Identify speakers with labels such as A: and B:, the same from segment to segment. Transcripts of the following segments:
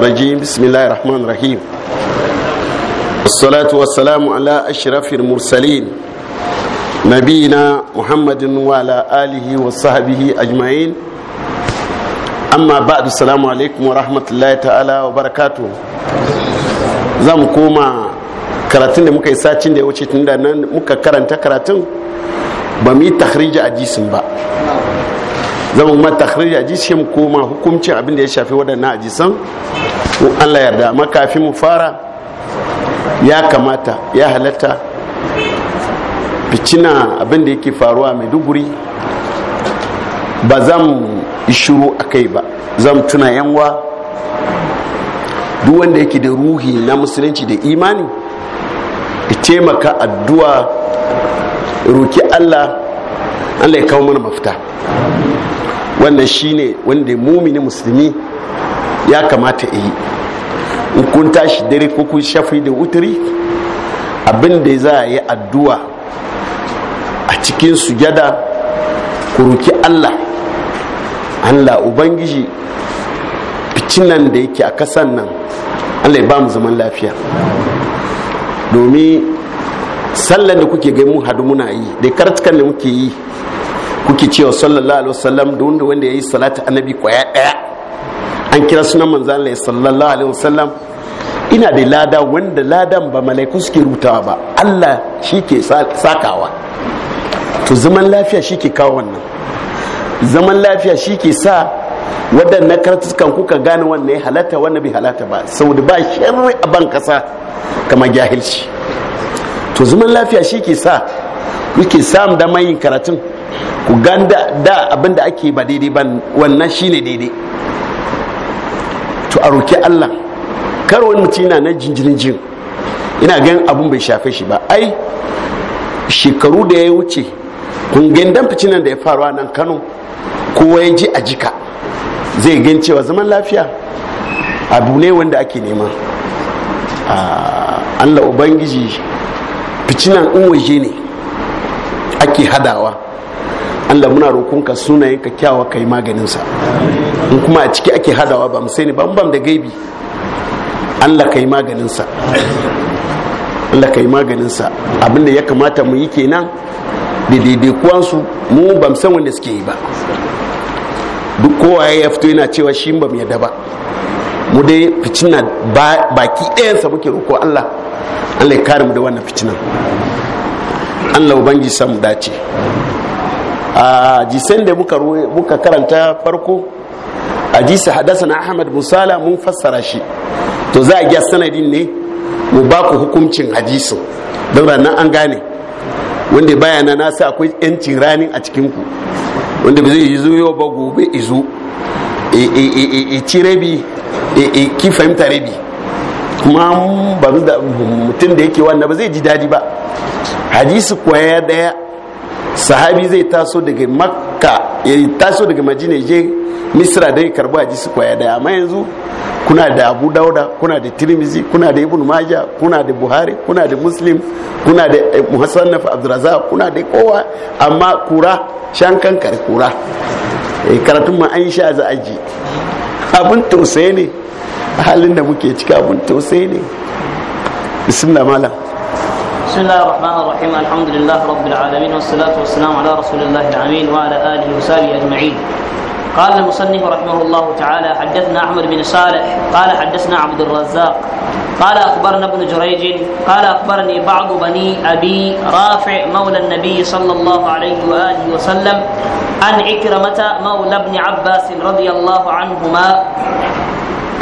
A: الرجيم بسم الله الرحمن الرحيم والصلاة والسلام على أشرف المرسلين نبينا محمد وعلى آله وصحبه أجمعين أما بعد السلام عليكم ورحمة الله تعالى وبركاته زم كوما karatun da muka yi sacin da ya wuce tun da nan muka karanta karatun ba mu yi takhrija a jisin ba zama ma takhrij ajishin ko ma hukuncin abin da ya shafi wadannan ajisan Allah yarda amma kafin mu fara ya kamata ya halatta ficina abin da yake faruwa mai duguri ba zan shiru a ba zan tuna yanwa duk wanda yake da ruhi na musulunci da imani ya taimaka addu'a ruki allah allah ya kawo mana mafita wannan shine wanda mumini musulmi ya kamata yi in kun tashi dare ko kun shafi da wuturi abinda za a yi addu'a a cikin sujada ku roki Allah Allah ubangiji ficinan da yake a kasan nan Allah ya ba mu zaman lafiya domin sallan da kuke ga mu hadu muna yi da karatukan da muke yi kuke cewa sallallahu alaihi wasallam da wanda wanda yayi salatu annabi kwaya daya an kira sunan manzo Allah sallallahu alaihi wasallam ina da lada wanda ladan ba malaiku suke rutawa ba Allah shi ke sakawa to zaman lafiya shi ke kawo wannan zaman lafiya shi ke sa waɗannan karatukan kuka gane wannan ya halatta wannan bai halatta ba saboda ba shirri a ban kasa kama jahilci to zaman lafiya shi ke sa yake samun damar yin karatun ku ganda da abin da ake ba daidai ba wannan shine daidai to a roki Allah kar wani mutum yana na jinjirin jin ina gan abun bai shafe shi ba ai shekaru da ya wuce kun dan ficinan da ya faruwa nan Kano kowa ya ji a jika zai gan cewa zaman lafiya abu ne wanda ake nema Allah ubangiji ficinan in waje ne ake hadawa Allah muna roƙonka ka ka kyawa kai yi maganinsa in kuma a ciki ake hadawa ba mu sani da gaibi Allah ka yi maganinsa Allah abinda ya kamata mu yi kenan da daidai kuwansu mu ba mu san wanda suke yi ba duk kowa ya fito yana cewa shi ba mu yadda ba mu dai ficina baki ɗayansa muke roƙo Allah Allah ya kare mu da wannan ficinan Allah ubangi samu dace a jisen da muka karanta farko a jisa na ahmad musala mun fassara shi to za a gya sanadin ne mu ba ku hukuncin hadisin don ranar an gane wanda baya na nasa akwai yancin ranin a cikinku wanda ba zai yi zo ba gobe izo e ci rabi e ki fahimta rabi kuma mutum da yake wannan ba zai ji daɗi ba hadisi kwaya daya sahabi zai taso daga makka ya taso daga majina je misra da ya karbi hadisi kwaya daya amma yanzu kuna da abu dauda kuna da tirmizi kuna da ibn maja kuna da buhari kuna da muslim kuna da muhassannaf eh, abdurazak kuna da kowa amma kura shan kankar kura eh, karatun ma an sha za ji abin tausayi ne halin da muke cika abin tausayi ne bismillah malam
B: بسم الله الرحمن الرحيم الحمد لله رب العالمين والصلاة والسلام على رسول الله العمين وعلى آله وصحبه أجمعين قال المصنف رحمه الله تعالى حدثنا أحمد بن صالح قال حدثنا عبد الرزاق قال أخبرنا ابن جريج قال أخبرني بعض بني أبي رافع مولى النبي صلى الله عليه وآله وسلم عن عكرمة مولى ابن عباس رضي الله عنهما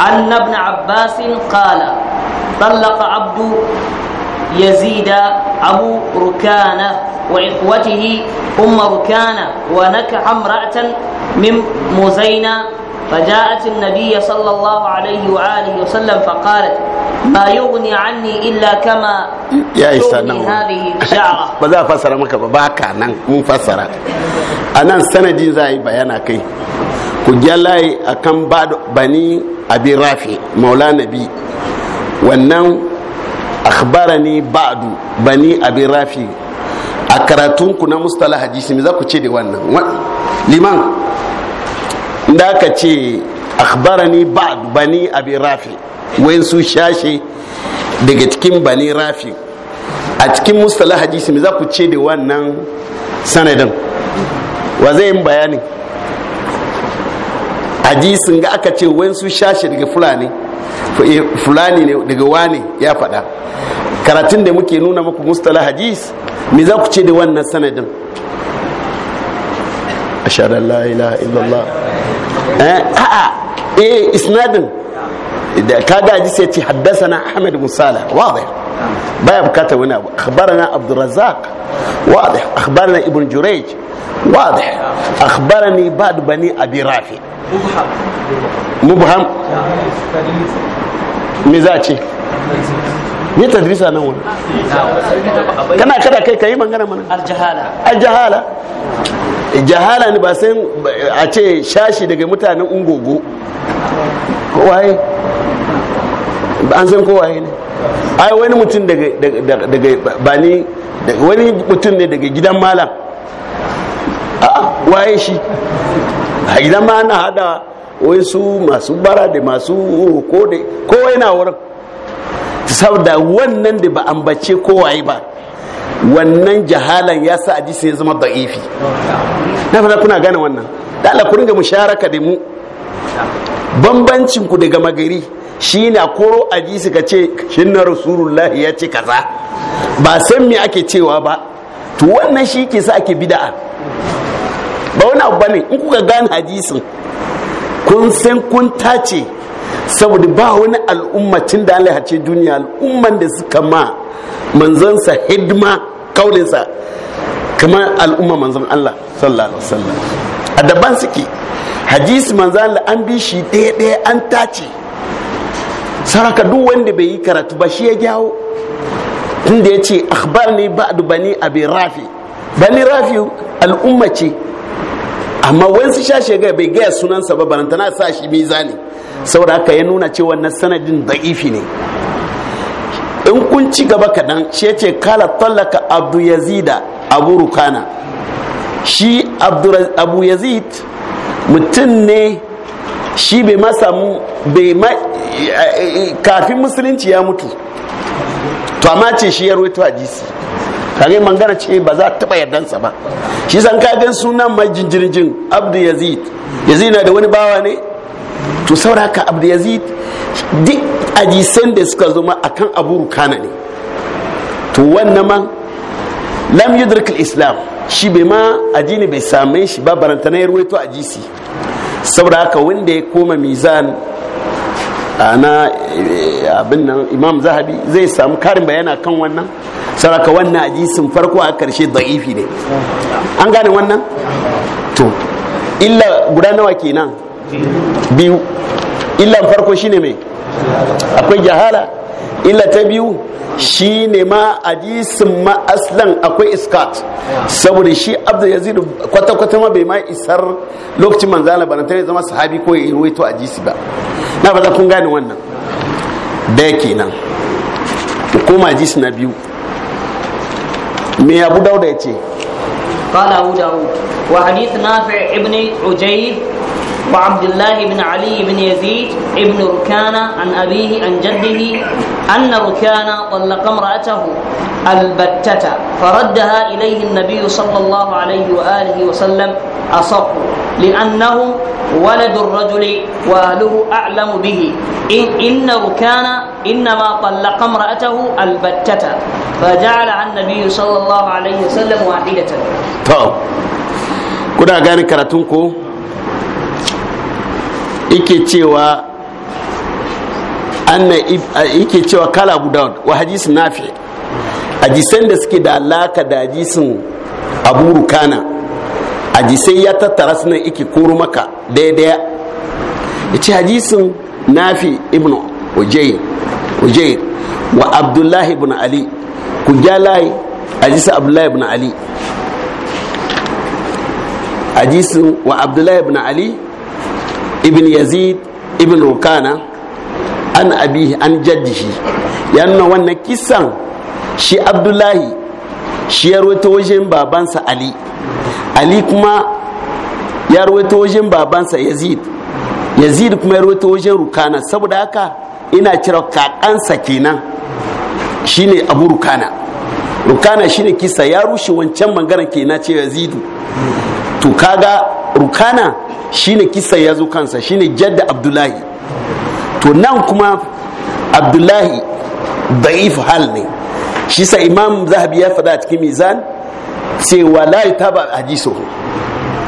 B: أن ابن عباس قال طلق عبد يزيد أبو ركانة وإخوته أم ركانة ونكح امرأة من مزينة فجاءت النبي صلى الله عليه وآله وسلم فقالت ما يغني عني إلا كما
A: يا يغني هذه الشعرة بذا فسر مكة باكا نان مفسرة أنا السنة دي زي بيانا كي كجالاي أكم بعد بني أبي رافي مولانا بي wannan akhbarani ba'du bani abi rafi a karatun ku na mustala hadisi me za ku ce da wannan liman da aka ce akhbarani ba'du bani abi rafi wayan su shashe daga cikin bani rafi a cikin mustala hadisi me za ku ce da wannan sanadin wa zai yin bayani hadisin ga aka ce wayan su shashe daga fulani Eh, fulani ne daga wane ya faɗa karatun da muke nuna muku mustala hadis me za ku ce da wannan sanadin ashhadu an la illallah eh a'a eh isnadin da kaga hadis sai ce na ahmed musala wadai baya bukata wani abu akhbarana abdurrazzaq wadih akhbarana ibn jurayj واضح أخبرني بعد بني أبي رافع مبهم مزاجي me tadrisa nan wani kana kada kai kayi magana mana aljahala aljahala jahala ne ba sai a ce shashi daga mutanen ungogo kowaye an san kowaye ne ai wani mutum daga wani mutum ne daga gidan malam a'a waye shi a idan ma ana hada wai su masu bara da masu ko da kowa yana wurin saboda wannan da ba ambace kowaye ba wannan jahalan ya sa aji sai zama da'ifi na fara kuna gane wannan da Allah ku ringa musharaka da mu bambancin ku daga magari shi na koro aji su ka ce na rasulullahi ya ce kaza ba san me ake cewa ba to wannan shi ke sa ake bida'a ba wani abu bane in kuka gane hadisin kun san kun tace saboda ba wani al'ummacin da Allah ce duniya al'umman da suka ma manzansa hidima kaulinsa kamar al'umma manzan Allah sallallahu alaihi wasallam a daban suke hadisi manzan Allah an bi shi ɗaya ɗaya an tace saraka duk wanda bai yi karatu ba shi ya jawo tunda ya ce akhbar ne ba'du bani abi rafi bani rafi al'umma ce amma wansu sha ga bai gaya sunansa ba tana sa shi mizani saboda haka ya nuna cewa na sanadin da'ifi ne in kun ci gaba kaɗan shi ya ce kala tallaka abu yazida abu rukana shi abu yazid mutum ne shi bai masa eh, eh, kafin musulunci ya mutu to amma ce shi ya rawaito hadisi kage mangana ce ba za a taba yardansa ba shi san ka gan sunan mai jinjirjin abdu yazid yazid na da wani bawa ne to sauraka abdu yazid duk ajisan da suka ma akan abu rukana ne to wannan man lam yudrik islam shi bai ma ajini bai same shi ba barantana ya ruwaito ajisi saboda haka wanda ya koma mizan ana eh, abin nan imam zahabi zai samu karin bayana kan wannan saraka wannan hadisin farko a karshe da'ifi ne an gane wannan to illa guda nawa kenan biyu illan farko shine mai akwai jahala illa ta biyu shi ne ma jisun ma aslan akwai iskat saboda shi abdu yazid kwata-kwata ma bai ma isar lokacin manzana ba ta zama sahabi ko ya ruwaito a jisi ba na fata kun gane wannan daya kenan koma jisi na biyu me abu dauda ya ce
B: قال أبو داود وحديث نافع ابن عجيب وعبد الله بن علي بن يزيد ابن ركان عن أبيه عن جده أن ركان طلق امرأته البتة فردها إليه النبي صلى الله عليه وآله وسلم أصح لأنه ولد الرجل وأهله أعلم به إن, إن ركان إنما طلق امرأته البتة فجعل عن النبي صلى الله عليه وسلم واحدة
A: طب كنا غاني كراتونكو yake cewa anna yake cewa kala guda wa hadisin nafi hadisan da suke da alaka da hadisin abu rukana hadisai ya tattara suna yake koro maka daidaya ya ce hadisin nafi ibn ujair wa abdullahi ibn ali ku ja layi hadisin abdullahi ibn ali hadisin wa abdullahi ibn ali ibn yazid ibn rukana an abihi an jaddihi ya nuna wannan kisan shi abdullahi shi ya rawaito wajen babansa ali ali kuma ya rawaito wajen babansa yazid yazid kuma ya rawaito wajen rukana saboda haka ina cire kakansa kenan shine abu rukana rukana shine kisa ya rushe wancan bangaren kenan ce yazidu to kaga rukana shine kisa ya zo kansa shine jadda abdullahi to nan kuma abdullahi da'if hal ne shi sa imam zahabi ya faɗa cikin mizan cewa ta ba hadisu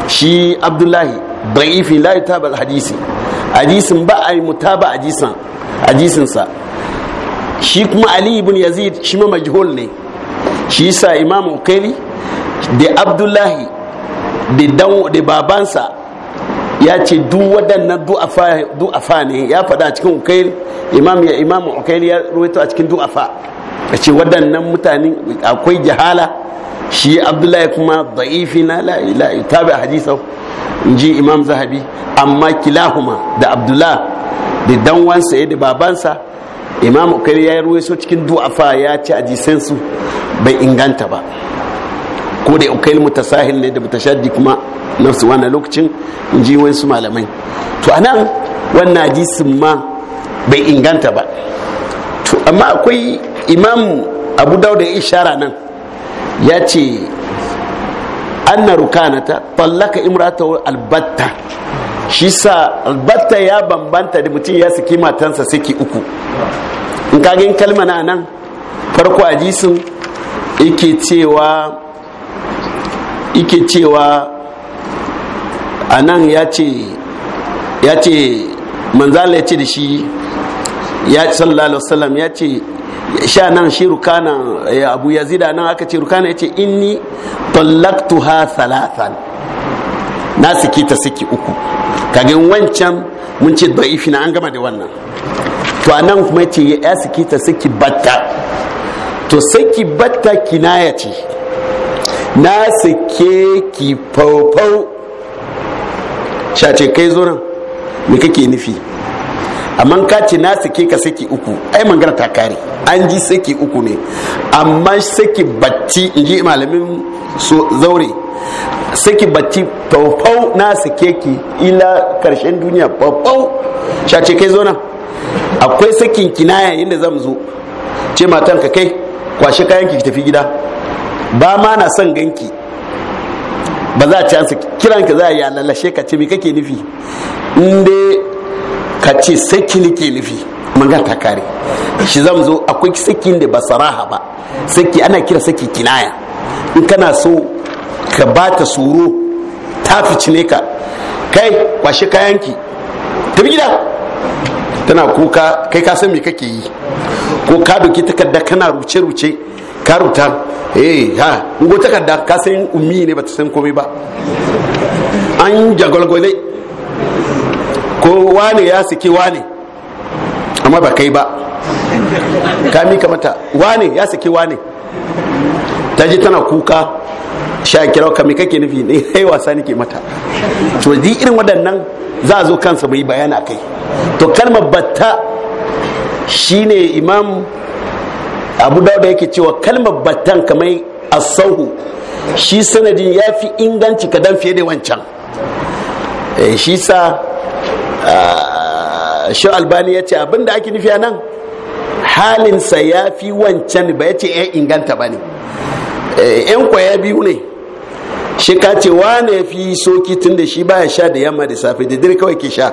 A: shi abdullahi da'ifi ta ba hadisi hadisin ba a yi muta ba hadisinsa shi kuma ali ibn yazid shi ma majhul ne shi sa imam ukeli da abdullahi da babansa ya ce duk waɗannan du'afa ne ya faɗa a cikin ukail imam ya imam ukail ya ruwaito a cikin du'afa ya ce waɗannan mutane akwai jahala shi abdullahi kuma da'ifi na ta bi a hadisau in ji imam zahabi amma kilahuma da abdullah da danwansa ya da babansa imam ukail ya ruwaito cikin du'afa ya ce a jisensu bai inganta ba ko da kai mutasahil ne da mutashaddi kuma nafsu wannan lokacin ji wasu malamai to anan wannan hadisin ma bai inganta ba to amma akwai imam abu dauda ya ishara nan ya ce anna rukanata tallaka imrata albatta shi sa albatta ya bambanta da mutum ya saki matansa saki uku in kagin kalma na nan farko hadisin yake cewa ike cewa a nan ya ce manzala ya ce da shi ya ce sallallahu alaihi wasallam ya ce sha nan shi rukana ya eh, abu ya zida nan aka ce rukana ya ce inni ha salatan na suke ta suke uku kage wancan mun ce da'ifi na an gama da wannan to anan kuma ce ya suke ta suke batta to saki batta kinaya ce na sake ki faufau shace kai zuran me kake nufi amma ka ce na sake ka saki uku ai magana ta kare an ji saki uku ne amma saki batti in ji malamin so zaure saki batti faufau na sake ki ila karshen duniya faufau shace kai zo akwai sakin kinaya yadda zan zo ce matan ka kai kwashe kayan ki tafi gida ba ma na son ganki ba za a ci ansa kiran ka za a yi lalashe ka ce me kake nufi inda ka ce saki nake nufi mangan ta kare shi zan zo akwai sakin da ba saraha ba saki ana kira saki kinaya in kana so ka ba ta tsoro ta fi cine ka kai kwashe kayanki tafi gida tana kuka kai ka san me kake yi ko ka doki takarda kana ruce-ruce karuta eh ha ngo takarda ka san ummi ne ba ta san komai ba an jagwalgwale ko wane ya saki wane amma ba kai ba ka mika mata wane ya saki wane ta ji tana kuka sha kira ka me kake nufi ne ai wasa nake mata to ji irin waɗannan za a zo kansa mai bayana kai to kalmar batta shine imam abu dauda yake cewa kalmar batan kamar asauhu shi sanadin ya fi inganci kadan fiye da wancan eh, shi sa shi albani ya ce abinda ake nufi a nan halinsa ya fi wancan ba ya ce ya inganta ba ne eh, yan kwaya biyu ne shi ka ce wane ya fi soki tun da shi baya sha da yamma da safe da dare kawai ke sha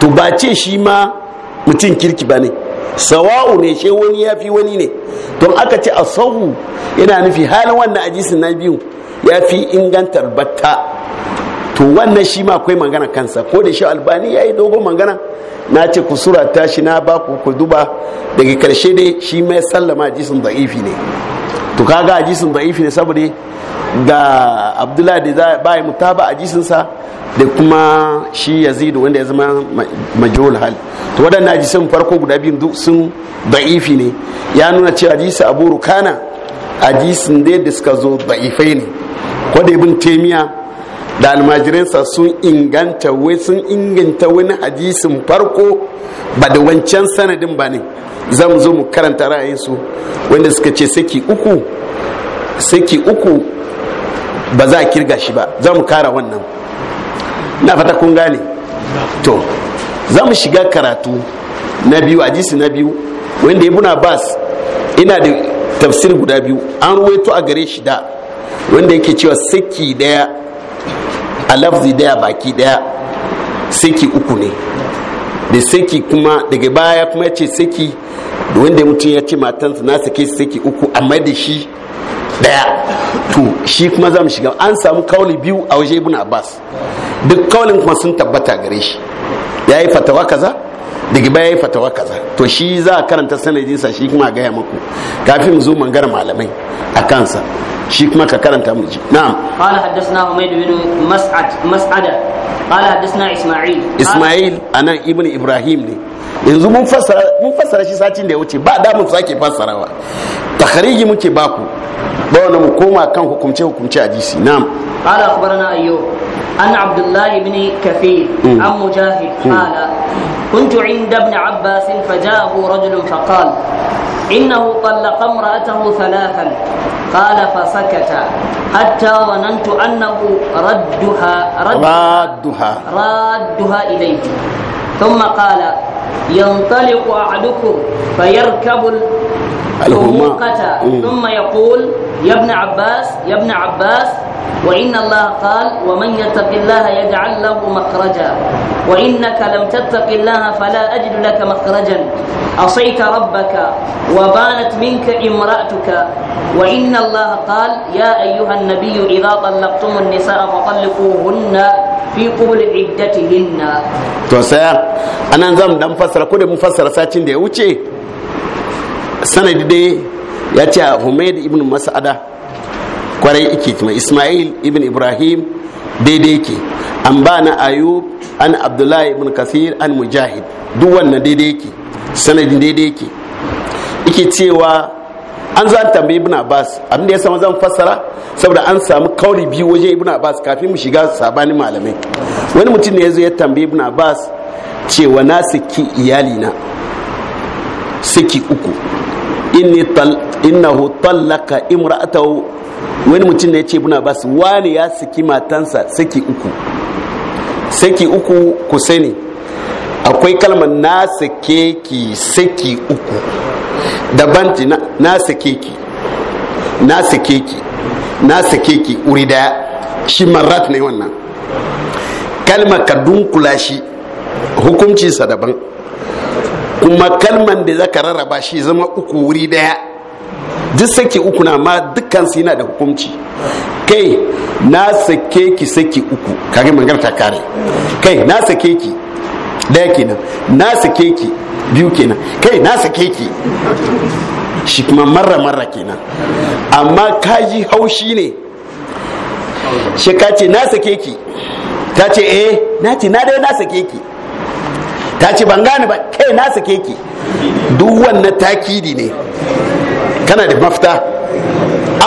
A: to ba ce shi ma mutum kirki ba ne sawa'u ne shi wani ya fi wani ne don aka ce a sahu yana nufi halin wannan ajisin na biyu ya fi ingantar batta to wannan shi ma akwai magana kansa ko da shi albani ya yi dogon magana na ce ku sura ta shi na ba ku ku duba daga karshe dai shi mai sallama jisun da'ifi ne to kaga jisun da'ifi ne saboda da abdullahi da ba yi jisunsa da kuma shi yazidu wanda ya zama majhul hal to waɗannan jisun farko guda biyun duk sun ba'ifi ne ya nuna cewa jisun abu rukana jisun dai da suka zo da'ifai ne ko bin ibn da almajirinsa sun inganta wai sun inganta wani hadisin farko ba da wancan sanadin ba ne za mu zo mu karanta ra'ayinsu wanda suka ce saki uku saki uku ba za a kirga shi ba za mu kara wannan na fata kun gane to za mu shiga karatu na biyu hadisi na biyu wanda ibn abbas ina da tafsir guda biyu an ruwaito a gare shi da wanda yake cewa saki daya a lafzi daya baki daya saki uku ne da saki kuma daga baya kuma ya ce saki da wanda mutum ya ce matansa na sake saki uku amma da shi daya to shi kuma za mu shiga an samu kauli biyu a waje ibn abbas duk kaulin kuma sun tabbata gare shi ya yi fatawa kaza daga baya fatawa kaza to shi za a karanta sanadinsa shi kuma gaya maku kafin mu zo mangar malamai a kansa shi kuma ka karanta mu ji na'am
B: qala haddathna humayd bin mas'ad mas'ada qala haddathna isma'il isma'il
A: anan ibn ibrahim ne yanzu mun fassara mun fassara shi satin da ya wuce ba da mu sake fassarawa takhriji muke baku ba wani mu koma kan hukumce hukumce hadisi na'am
B: qala akhbarana ayyub an abdullah ibn kathir an mujahid qala كنت عند ابن عباس فجاءه رجل فقال إنه طلق امرأته ثلاثا قال فسكت حتى ظننت أنه ردها ردها ردها إليه ثم قال ينطلق أحدكم فيركب الهموقة ثم يقول يا ابن عباس يا ابن عباس وإن الله قال ومن يتق الله يجعل له مخرجا وإنك لم تتق الله فلا أجد لك مخرجا عصيت ربك وبانت منك امرأتك وإن الله قال يا أيها النبي إذا طلقتم النساء فطلقوهن fi qubul iddatihinna
A: to saya anan zamu dan fassara ko da mu fassara sacin da ya wuce sanadi dai ya ce a homer ibn mas'ada kwarai ike kuma ismail ibn ibrahim daidai yake an ba na ayub an abdullahi ibn kathir an mujahid duk wannan daidai yake sanadin daidai yake ike cewa an za tambayi ibn abbas abin ya sama zan fassara saboda an samu kauri biyu wajen ibn abbas kafin mu shiga sabanin malamai wani mutum ne ya zo ya tambayi ibn abbas cewa na saki iyalina saki uku innahu tallaka imra'atahu wani mutum ne ya ce ibn wani ya saki matansa saki uku saki uku ku sani akwai kalmar na sake ki saki uku daban ci na sake ki na sake ki na sake ki uri daya shi marat ne wannan kalmar ka dunkula shi hukuncinsa daban kuma kalman da zaka rarraba shi zama uku wuri daya duk saki uku na ma dukkan su yana da hukunci kai na sake ki saki uku kage magana ta kare kai na sake ki daya kenan na sake ki biyu kenan kai na sake ki shi kuma marra marra kenan amma kaji haushi ne shi ka ce na sake ki ta ce eh na ce na dai na sake ki ta ce ban gane ba kai na sake duk wannan takidi ne kana da mafita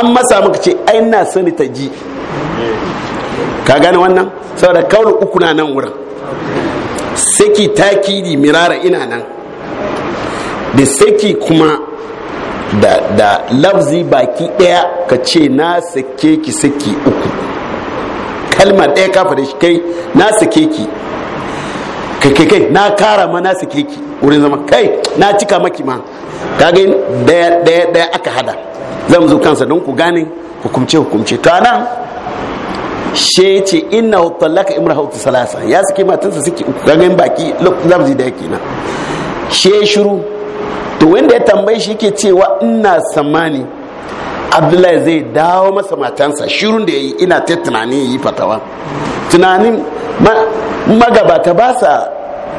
A: an masa maka ce ai sani ta ji ka gane wannan saboda kawai uku na nan wurin saki takidi mirara ina nan da saki kuma da, da lafzi baki daya ka ce na sake ki saki uku kalmar daya kafa da shi kai na sake ki kai kai kai na kara ma na sake ki wurin zama kai na cika maki ma ga daya daya daya aka hada zan zo kansa don ku gane hukumce hukumce to anan she ce inna talaka imra'atu salasa ya sake matansa suke uku kaga baki lafzi da yake na she shiru to wanda ya tambaye shi yake cewa ina samani abdullahi zai dawo masa matansa shirun da yayi ina ta tunani ya yi fatawa tunanin magabata ba sa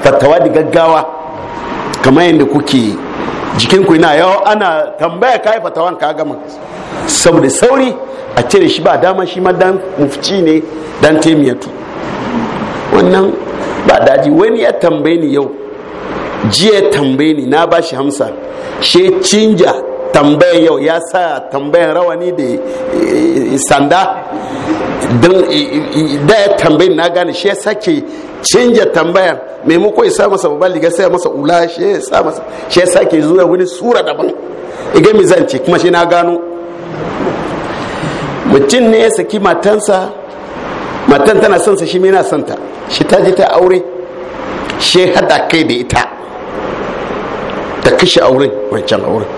A: fatawa da gaggawa kamar yadda kuke jikin jikinku na yawa ana tambaya kayi fatawan ka gama saboda sauri a cire shi ba dama shi ma dan mufci ne dan taimiyatu wannan ba daji wani ya tambaye ni yau jiya tambaye ni na ba shi hamsa she cinja tambayan yau ya sa tambayan rawani da eh, sanda don eh, eh, da ya tambayin na gane shi ya sake canja tambayan maimako ya sa masa babban liga sai masa ula shi ya sa masa shi ya sake zuwa wani sura daban iga mai zance kuma shi na gano mutum ne ya saki matansa matan tana son sa shi mai na son ta shi ta ji ta aure shi hada kai da ita ta kashe auren wancan auren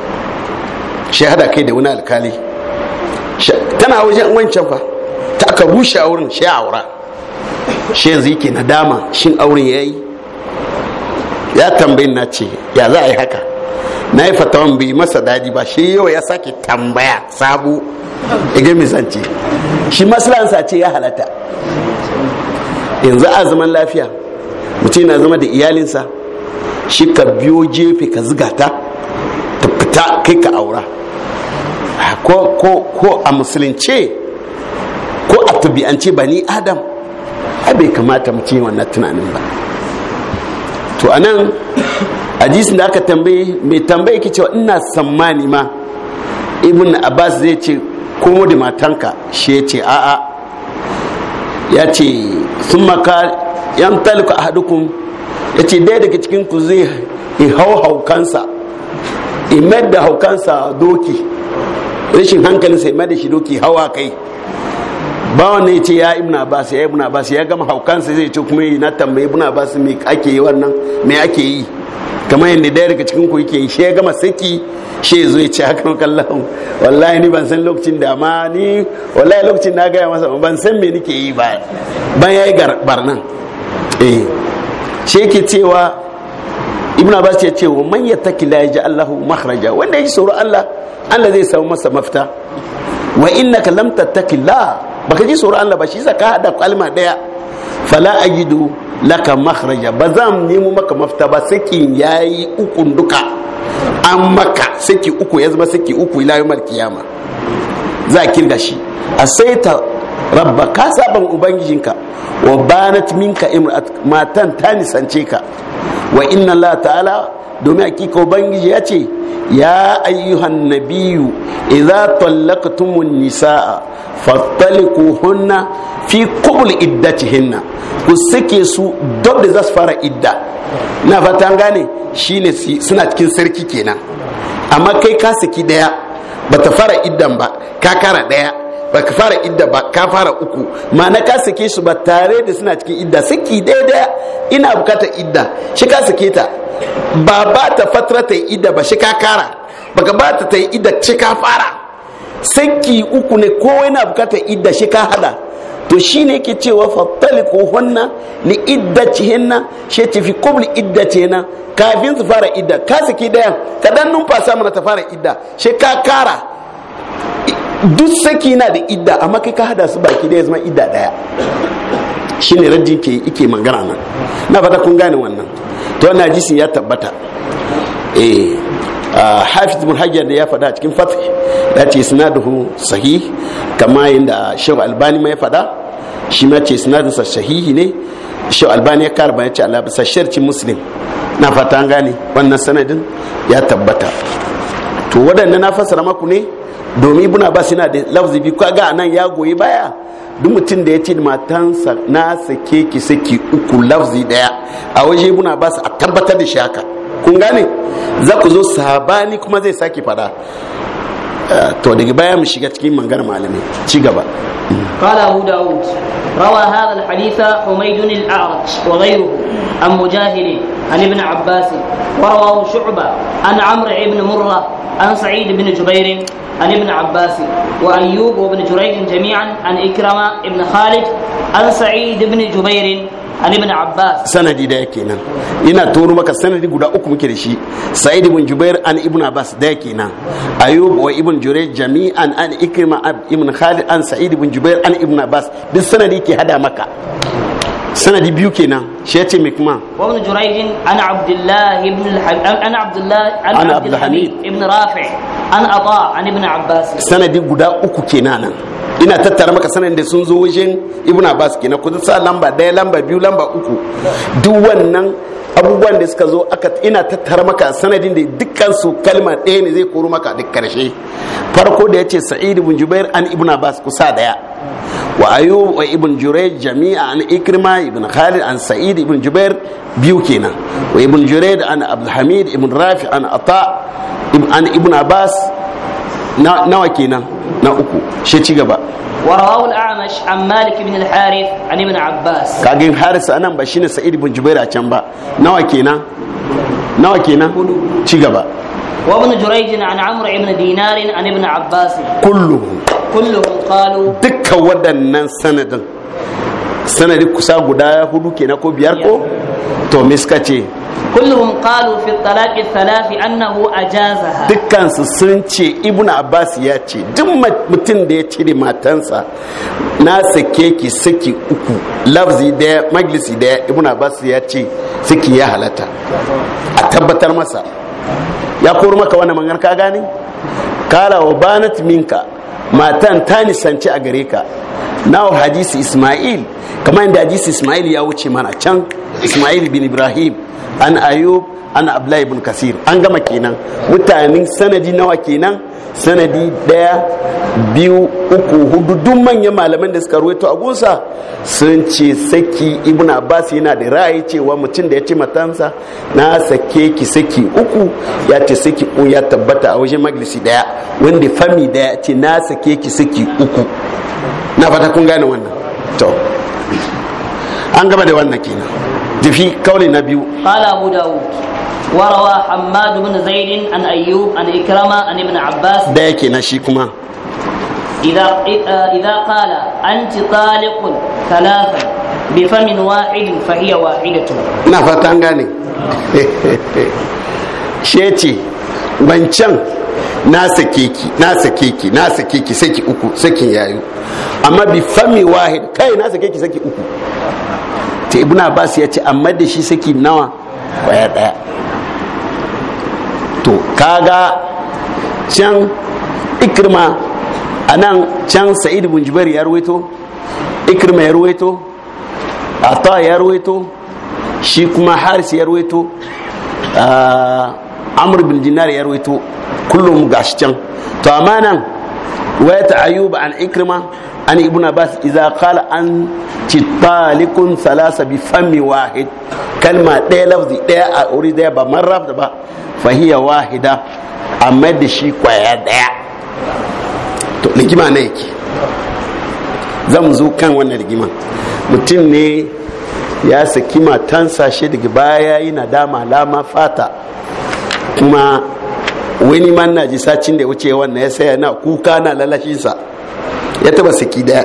A: shi hada kai da wani alkali tana wajen wancan fa ta aka rushe a wurin shi aura shi yanzu yake nadama shin auren ya yi ya tambayin na ce ya za a yi haka na yi fatawan bai masa daji ba shi yau ya sake tambaya sabu ga misance shi maslahansa ce ya halata yanzu a zaman lafiya mutum na zama da iyalinsa shi ka biyo jefe ka zigata. Ta kai ka aura ko a musulunce ko a tabi'ance ni adam bai kamata mu ce wannan tunanin ba to anan hadisin da aka tambaye mai tambaye ke cewa ina sammani ma ibn abbas zai ce komo da matanka shi ya ce a'a ya ce sun maka yan talika hadukun ya ce daya daga cikin ku zai hau haukansa imar da haukansa doki rashin hankalin sai da shi doki hawa kai bawan ya ce ya ba su ya ba su ya gama haukansa zai ce kuma yi na tambayi ba su mai ake yi wannan me ake yi kamar yadda daya daga cikin ku yake yi shi ya gama saki shi ya zo ya ce haka kallon wallahi ni ban san lokacin da ma ni wallahi lokacin na gaya masa ban san me nake yi ba ban ya yayi barnan eh shi yake cewa ibn abbas ya ce wa man yattaki la yaji allahu makhraja wanda yaji tsoro allah allah zai samu masa mafita wa innaka lam tattaki la baka ji tsoro allah ba shi yasa ka hada kalma daya fala ajidu laka makhraja ba zan nemo maka mafita ba sakin yayi uku duka an maka saki uku ya zama saki uku ila yawmal kiyama za a kirga shi a ta. rabba ka saban ubangijinka wa banat minka imrat matan ta nisance ka wa inna allah ta'ala domin hakika ubangiji ya ce ya ayyuhan nabiyu idza tallaqtumun nisaa fattaliquhunna fi qubul iddatihinna ku sake su dab da za su fara idda na fatan gane shine suna cikin sarki kenan amma kai ka saki daya bata fara iddan ba ka kara daya ba ka fara idda ba ka fara uku ma'ana ka sake su ba tare da suna cikin idda saki daidai ina bukatar idda shi ka sake ta ba ba ta fatara ta yi idda ba shi ka kara ka ba ta ta yi idda shi ka fara saki uku ne kowai yana bukatar idda shi ka hada to shi ne ke cewa ni idda ci iddatihinna shi ce fi kubli iddatihinna kafin su fara idda ka saki dayan ka dan numfasa mana ta fara idda shi ka kara duk saki na da idda amma kai ka hada su baki da ya zama idda daya shine rajin ke ike magana nan na fata kun gane wannan to wannan hadisin ya tabbata eh hafiz ibn hajjar da ya fada cikin fath ya ce sinaduhu sahih kama yadda shehu albani ma ya fada shi ma ce sa sahihi ne shehu albani ya kara bayan ce ala bisa sharci muslim na fata an gane wannan sanadin ya tabbata to waɗanda na fassara maku ne domin buna ba yana da lafzi bi ga nan ya goyi baya duk mutum da ya ce matansa na sake ki saki uku lafzi daya a waje ba su a tabbatar da shi haka kun gane za ku zo sabani kuma zai sake fada eh, to daga baya mu shiga cikin mangar malamai ci gaba
B: قال أبو داود روى هذا الحديث حميد الأعرج وغيره عن مجاهد عن ابن عباس ورواه شعبة عن عمرو بن مرة عن سعيد بن جبير عن ابن عباس وأيوب وابن جريج جميعا عن إكرمة ابن خالد عن سعيد بن جبير عن ابن عباس
A: سندي ده كينا ina toro maka sanadi guda uku muke da shi sa'id ibn jubair an ibn abbas da kenan ayub wa ibn juray jami'an an ikrima ibn khalid an sa'id ibn jubair an ibn abbas duk sanadi ke hada maka sanadi biyu kenan shi yace me kuma
B: wa ibn jurayj an abdullahi ibn an an abdulhamid ibn rafi an aba an ibn abbas sanadi
A: guda uku kenan nan ina tattara maka sanadin da sun zo wajen ibn abbas kenan ku sa lamba daya lamba biyu lamba uku duk wannan abubuwan da suka zo aka ina tattara maka sanadin da dukkan su kalma ɗaya ne zai koro maka da karshe farko da ya ce Sa'idu bin jubair an ibn abbas kusa daya wa ayu wa ibn jurai jami'a an ikrima ibn khalid an sa'id ibn jubair biyu kenan wa ibn jurayj an abdul hamid ibn rafi an ata an ibn abbas nawa kenan na uku shi ci gaba
B: warawul a'mash an malik ibn al abbas kage
A: harith anan ba shine sa'id ibn jubair a can ba nawa kenan nawa kenan ci gaba
B: an amr ibn dinar an ibn abbas kullu kullu qalu
A: dukkan wadannan sanadin sanadi kusa guda hudu kenan ko biyar ko to miskace
B: kullum qalu fi talaqi thalathi annahu a
A: dukkan su sun ce ibnu abbas ya ce duk mutum da ya cire matansa na sake ki saki uku lafzi daya majalisi daya ibnu abbas ya ce saki ya halata a tabbatar masa ya koro maka wannan magana ka gane kala wa banat minka matan ta nisanci a gare ka na hadisi ismail kamar yadda hadisi ismail ya wuce mana can ismail bin ibrahim an ayub an abla ibn kasir an gama kenan mutanen sanadi nawa kenan sanadi daya biyu uku hudu duk manyan malaman da suka ruwaito a gunsa sun ce saki ibn abbas yana da ra'ayi cewa mutum da ya ce matansa na sake ki saki uku ya ce saki uku ya tabbata a wajen majalisi daya wanda fami daya ce na sake ki saki uku na fata kun gane wannan to an gama da wannan kenan tafi kauli na biyu
B: qala abu daud wa rawa hammad ibn an ayyub an ikrama an ibn abbas
A: da yake na shi kuma
B: idza idza qala anti taliqun thalathan bi famin wahidin fa hiya wahidatun na fata
A: an gane sheci bancan na sake ki na sake ki saki uku sakin yayu amma bi fami wahid kai na sake ki saki uku to ibn abbas ya ce amma da shi saki nawa kwaya daya to kaga can ikirma a nan can sa'id bin jubair ya ruwaito ikirma ya ruwaito ata ya ruwaito shi kuma haris ya ruwaito ah, amr bin dinar ya ruwaito kullum gashi can to amma nan wata ayuba an ikrima an ibn abbas idza qala an talikun salasa bi fami wahid kalma ɗaya lafzi daya a wuri daya ba marraf da ba fahiya wahida amma da shi kwaya daya. to rigima na yake zan zo kan wannan rigiman mutum ne ya saki matansa shi daga baya yana dama lama fata kuma wani man na ji sacin da wuce wannan ya saya na kuka na lalashinsa ya taba saki daya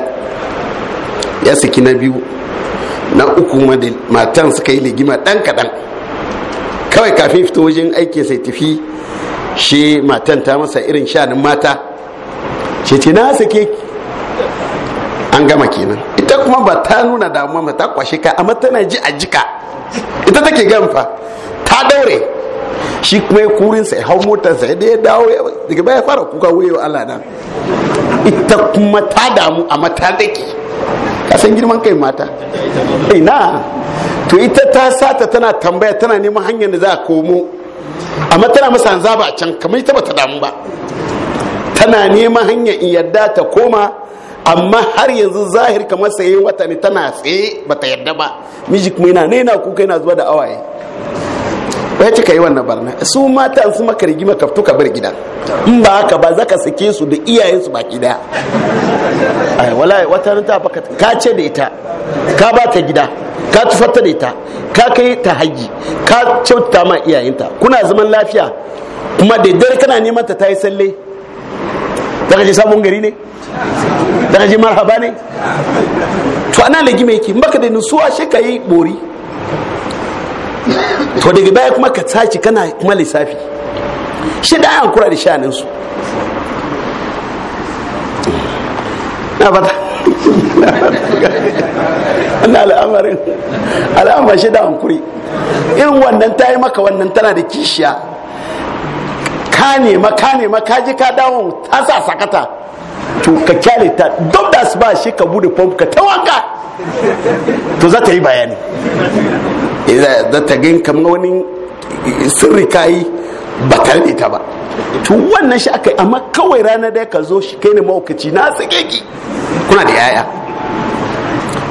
A: ya saki na biyu na uku matan suka yi ligima dan kadan kawai kafin fito wajen aikin sai tafi shi matan ta masa irin shanin mata ce ce na sake an gama kenan ita kuma ba ta nuna damuwa ba ta kwashe ka amma tana ji a jika ita take gamfa ta daure shi kuma ya kurin sai hau motar sai dai ya dawo daga baya fara kuka wuyewa Allah nan ita kuma ta damu a matadaki ka girman kai mata ina to ita ta sata tana tambaya tana neman hanyar da za a komo amma tana masa hanza ba a can kamar ita ba ta damu ba tana neman hanyar in yadda ta koma amma har yanzu zahir kamar saye wata ne tana tsaye ba ta yadda ba miji kuma yana ne na kuka yana zuwa da awaye ya cika yi wannan barna su mata su maka rigima ka fito ka bar gida, in ba haka ba zaka sake su da iyayen su baki daya ai wala wata ta baka ka ce da ita ka ba ta gida ka tufatta da ita ka kai ta haji ka kyauta ma iyayenta kuna zaman lafiya kuma da dare kana neman ta tayi salle daga ji samun gari ne daga ji marhaba ne to ana ligima yake baka da nusuwa shi ka yi bori to daga baya kuma ka tashi kana kuma lissafi shi da an kura da shanin su na fata wannan al'amarin al'amar shi da an hankuri irin wannan ta yi maka wannan tana da kishiya ka nema ka nema ka ji ka dawo ta sa sakata to ka kyale ta duk da su ba shi ka bude pomp ka ta wanka to za ta yi bayani za ta gani kamar wani sirri kayi ba tare da ita ba to wannan shi aka amma kawai rana da ka zo shi kai ne maukaci na tsage ki kuna da yaya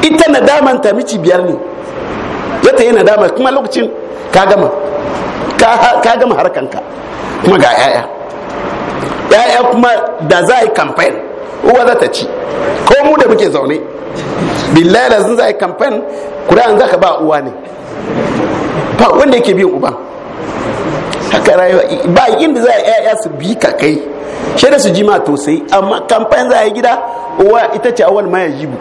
A: ita nadaman ta miki biyar ne ya ta yi nadama kuma lokacin ka gama ka gama harkanka kuma ga yaya yaya kuma da za a yi campaign uwa za ta ci ko mu da muke zaune billahi da za a yi campaign kuran za ka ba uwa ne ba wanda yake biyan uba haka rayuwa ba inda za a yaya su bi ka kai shi da su ji ma tosai amma kamfan za a yi gida uwa ita ce awal ma ya jibu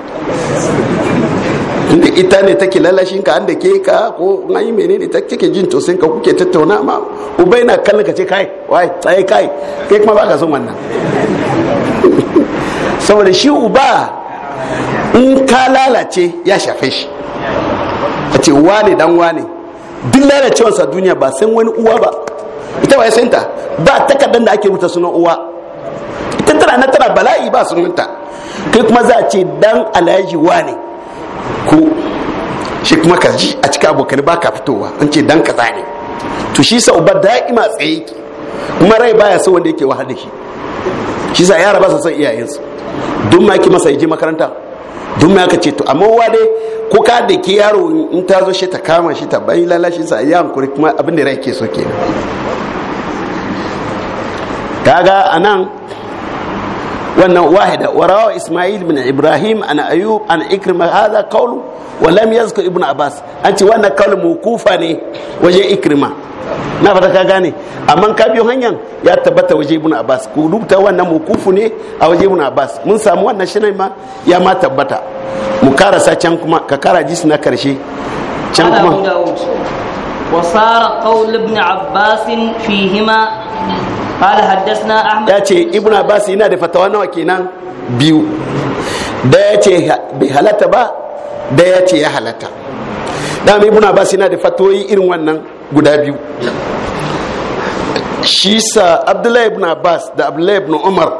A: inda ita ne take lalashin ka da ke ka ko an yi menene ta take jin tosin ka kuke tattauna ma ubai na kallon ka ce kai wai tsaye kai kai kuma baka son wannan saboda shi uba in ka lalace ya shafe shi a ce wane dan wane duk lalacewarsa duniya ba san wani uwa ba ita waye ta ba takardar da ake rubuta sunan uwa ita tana na tara bala'i ba sunan ta, kai kuma za a ce dan alhaji wane ko shi kuma ka ji a cikin abokan ba ka fitowa an ce dan kaza ne to shi sa uba da'ima tsaye ki kuma rai baya so wanda yake wahala shi shi sa yara ba sa son iyayensu duk ma ki masa yaje makaranta duk mai aka ce to amma wa dai ko ka da ke yaro in ta zo shi ta kama shi ta bayi lalashi sa ya hankuri kuma abin da rai ke so ke kaga anan wannan wahida warawa ismail bin ibrahim an ayub an ikrima hadha qawlu walam zuka ibn abbas an ce wannan mu kufa ne waje ikrima na fata ka gane amma ka biyo hanyar ya tabbata waje ibn abbas ku rubuta wannan kufu ne a waje ibn abbas mun samu wannan shine ma ya ma tabbata mu karasa can kuma ka kara jisi na karshe can kuma
B: وصار قول ibn abbas فيهما قال حدثنا Ahmad.
A: yace ابن Abbas yana da fatawa nawa kenan biyu da yace bai halatta ba da ya ce ya halatta mai ibn abbas yana da fatoyi irin wannan guda biyu shi sa abdullahi ibn abbas da abdullahi ibn umar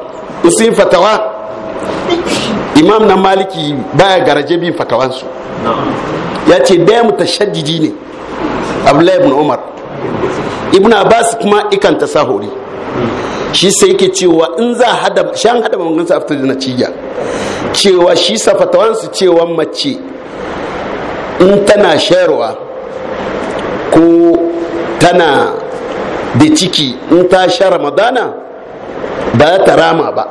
A: sun fatawa imam na maliki baya garaje bin fatawansu ya ce daya mu tashaddidi ne abdullahi ibn umar ibn abbas kuma ikan tasahuri shi sai yake cewa in za hada shan hada magangansa after da natija cewa shi sa fatawansu cewa mace in tana sharuwa ko tana da ciki in ta sha ramadana ba za ta rama ba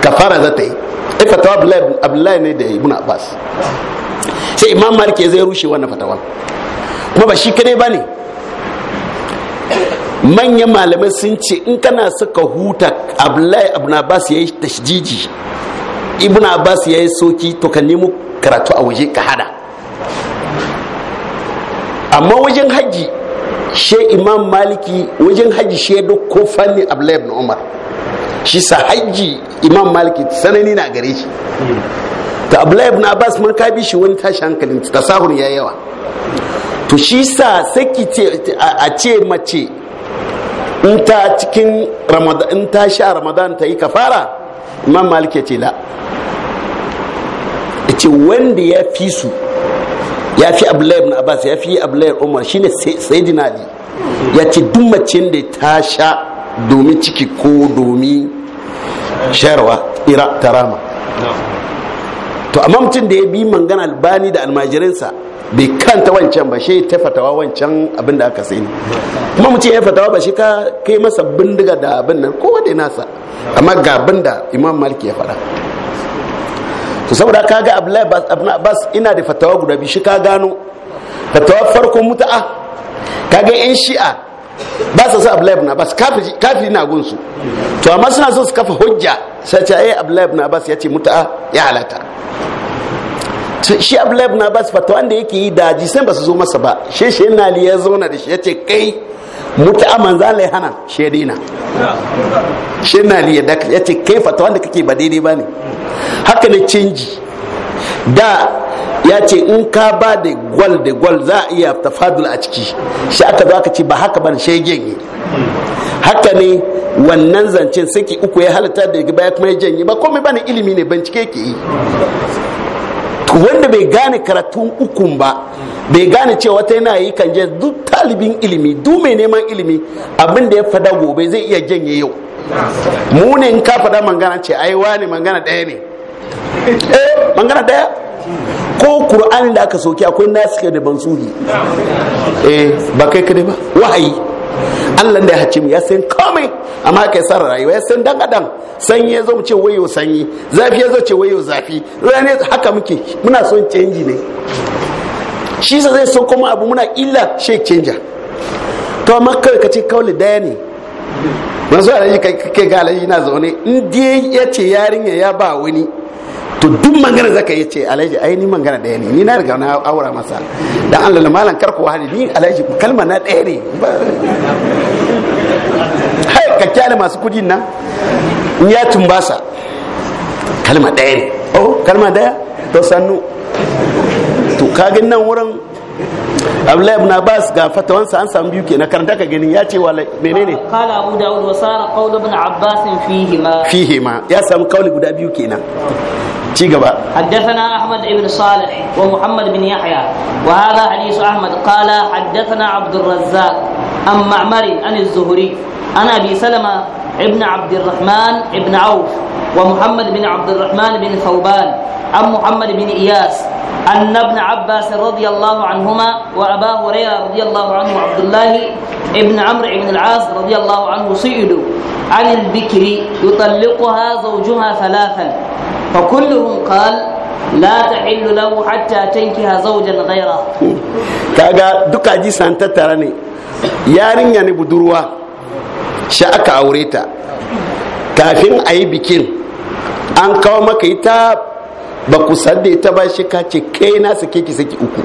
A: kafara za ta yi ta fatawa abdullahi ne da ibn abbas sai imam malik zai rushe wannan fatawa kuma ba shi kadai ba ne manyan malamai sun ce in kana suka huta abdullahi ibn abbas ya yi tashjiji ibn abbas ya yi soki to ka nemo karatu a waje ka hada amma wajen haji she imam maliki wajen haji she ko fanni abdullahi ibn umar shi sa haji imam maliki sanani na gare shi ta abdullahi ibn abbas man ka bi shi wani tashi hankalin sahun ya yawa to shi sa saki ce a ce mace in ta cikin ramadan in ta sha ramadan ta yi kafara imam maliki ya ce la ya ce wanda ya fi su ya fi abdullahi ibn abbas ya fi abdullahi umar shine sayyidina ali ya ce duk macen da ta sha domin ciki ko domin sharwa ira tarama to amma mutum da ya bi mangana albani da almajirinsa bai kanta wancan ba shi ta fatawa wancan abin da aka sai kuma mutum ya fatawa ba shi ka kai masa bindiga da abin nan kowa da nasa amma ga abin da imam maliki ya faɗa to saboda ka ga abdullahi abbas ina da fatawa guda biyu shi ka gano fatawa farko muta'a ka ga yan shi'a ba sa sa abu ibn abbas kafi na gunsu to amma suna so su kafa hujja sai ce ai eh, abu ibn abbas ya ce muta'a ya halata shi na ba su fata da yake yi da jisan ba su zo masa ba shi shi na ya zauna da shi ya ce kai muta aman za la hana shi ya dina shi na ya ya ce kai fata da kake ba daidai ba ne haka ne canji da ya ce in ka ba da gwal da gwal za a iya tafadul a ciki shi aka zo aka ce ba haka ba shi ya haka ne wannan zancen saki uku ya halatta da baya kuma ya janye ba komai ba ne ilimi ne bincike ke yi wanda bai gane karatun ukun ba bai gane cewa ta yana yi kan duk talibin ilimi duk mai neman ilimi abin da ya fada gobe zai iya janye yau mu ne in ka fada mangana ce ai wani mangana ɗaya ne eh mangana ɗaya ko qur'anin da aka soki akwai nasike da bansuhi eh ba kai kade ba wahayi Allah da ya hace mu ya san komai amma kai san rayuwa ya san dan adam sanyi ya zo mu ce wayo sanyi zafi ya zo ce wayo zafi rane haka muke muna son canji ne shi sa zai so kuma abu muna illa shi canja to amma kai ka ce kawli daya ne masu alaji kai ga alaji na zaune in dai ya ce yarinya ya ba wani to duk magana zaka yi ce alhaji ai ni magana ɗaya ne ni na riga na aura masa dan Allah la malan karku wahali ni alhaji kalma na ɗaya ne hai ka kyale masu kudin nan ya tumbasa kalma ɗaya ne oh kalma ɗaya to sannu to kagin nan wurin abdullahi ibn abbas ga fatawansa an samu biyu ke na karanta ka gani ya ce wala menene
B: qala abu daud wa sara qawl ibn abbas fihi ma
A: fihi ma ya samu kauli guda biyu kenan ci
B: حدثنا احمد بن صالح ومحمد بن يحيى وهذا حديث احمد قال حدثنا عبد الرزاق عن معمر عن الزهري عن ابي سلمه ابن عبد الرحمن ابن عوف ومحمد بن عبد الرحمن بن ثوبان عن محمد بن اياس ان ابن عباس رضي الله عنهما وابا هريره رضي الله عنه عبد الله ابن عمرو بن العاص رضي الله عنه سئلوا عن البكر يطلقها زوجها ثلاثا فكلهم قال la ta illu lahu hatta tankiha zawjan ghayra
A: kaga duka ji san tattara ne yarinya ne budurwa sha aka aure ta kafin a yi bikin an kawo maka ita ba ku sadda ita ba shi ka ce kai ki saki uku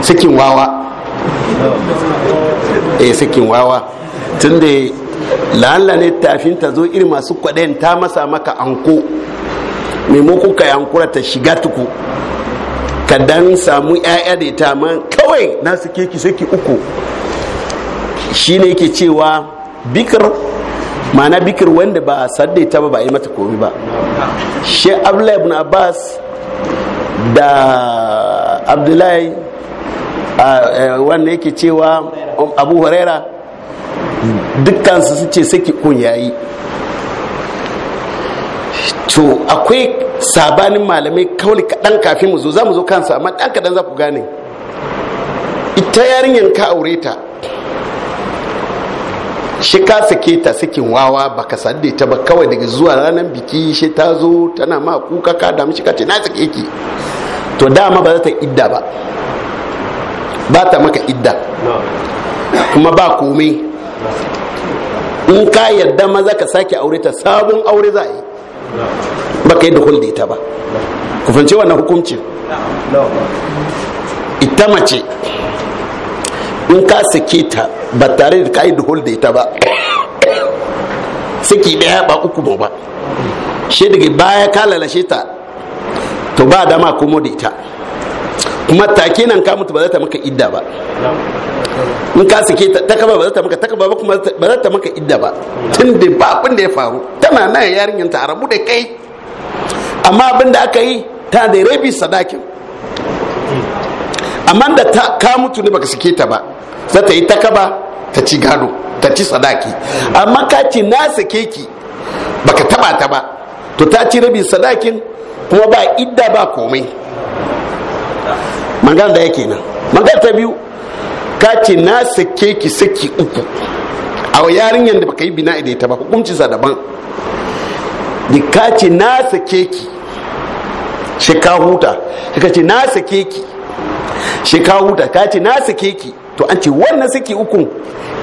A: sakin wawa eh, sakin wawa la'alla ne tafin ta zo iri masu kwaɗayin ta masa maka anko maimakon ka yankura ta shiga tuku ka dan samu 'ya'ya da ta man kawai nasu keki saki uku shi ne yake cewa bikir mana bikir wanda ba a saddaita ba ba yi mata komi ba shi abdullahi ibn abbas da abdullahi eh, wanda yake cewa abu huraira Dukkan su ce saki kun yayi to akwai sabanin malamai kawai kaɗan kafin mu zo za mu zo kansa amma ɗan kaɗan za ku gane ita yarinyar ka aure ta shi ka sake ta sakin wawa baka sadde ta ba kawai daga zuwa ranar biki shi ta zo tana ma kuka ka damu shi ka ce na sake ki to dama ba za ta idda ba ba ta maka idda kuma ba komai in ka yadda maza ka sake aure ta sabon aure za a yi ba ka yi da ita ba ku fahimci wannan hukuncin ita mace in ka sake ta ba tare da ka yi da ita ba saki daya ba uku ba ba shi daga baya ka lalashe ta to ba dama komo da ita kuma take nan ka mutu ba za ta maka idda ba in ka sake ta takaba ba za ta maka takaba ba kuma ba za ta maka idda ba tun da ba abin da ya faru tana nan yarinyar ta rabu da kai amma abin da aka yi ta da rabi sadakin amma da ta ka mutu ne baka sake ta ba za ta yi takaba ta ci gado ta ci sadaki amma ka ce na sake ki baka taba ta ba to ta ci rabi sadakin kuma ba idda ba komai magana da yake nan magana ta biyu ka ce na sake ki saki uku a yarinyar da baka yi bina da ta ba hukuncinsa daban da ka ce na sake ki shi ka huta ka ce na sake ki shi ka huta ka ce na sake ki to an ce wannan saki uku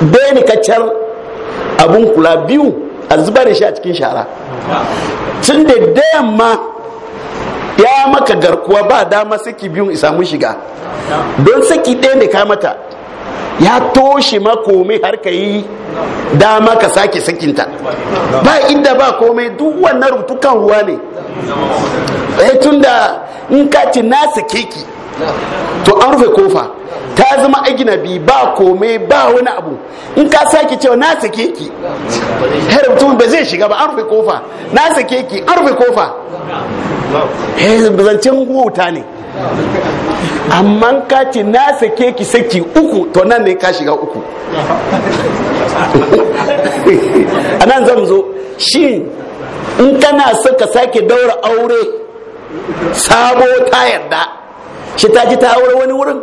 A: bai ni kacar abun kula biyu a zubar da shi a cikin shara tun da ma ya maka garkuwa ba dama saki biyun isa mun shiga don saki ɗaya da ka mata ya toshe ma komai har ka yi dama ka sake sakinta ba inda ba komai duk wannan rutukan ruwa ne tun eh, tunda in ka ci na sake ki to an rufe kofa ta zama aginabi ba komai ba wani abu in ka sake cewa na sake ki ba zai shiga ba an rufe kofa na sake ki an rufe kofa Eh, zancen wuta ne amma ka ce na sake ki saki uku to nan ne ka shiga uku a nan zan zo shi in kana so ka sake daura aure sabo ta yarda shi ta ji ta aure wani wurin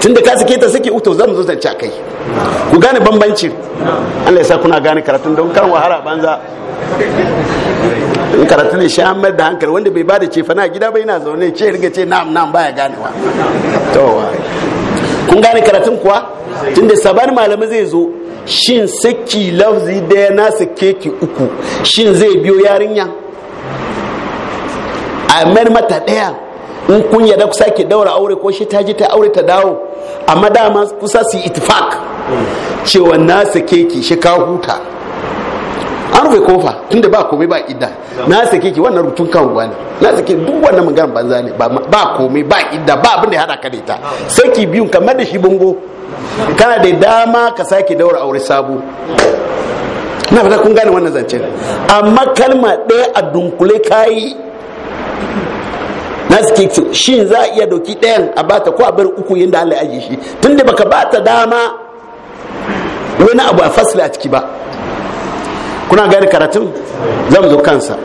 A: tun da ka sake ta sake uku to zan zo zance kai ku gane bambanci Allah ya sa kuna gane karatun don kan wahara banza in karatu ne shi an da hankali wanda bai bada ce fana gida bai na zaune ce riga ce na'am na'am baya ganewa to kun gane karatun kuwa tunda sabani malamai zai zo shin saki lafzi daya na sake uku shin zai biyo yarinya a mai mata daya in kun yada ku sake daura aure ko shi ta ji ta aure ta dawo amma dama kusa su itifak cewa na sake ki shi ka huta an rufe kofa tunda ba komai ba idda na sake ki wannan rubutun kan ruwa ne na sake duk wannan maganar banza ne ba komai ba idda ba abin da ya hada ka da ita saki biyun kamar da shi bango kana da dama ka sake daura aure sabo na fata kun gane wannan zancen amma kalma ɗaya a dunkule kayi na suke shi za a iya doki ɗayan a bata ko a bar uku yadda Allah ya ajiye shi tunda baka bata dama wani abu a fasila a ciki ba kuna gane karatun zan zo kansa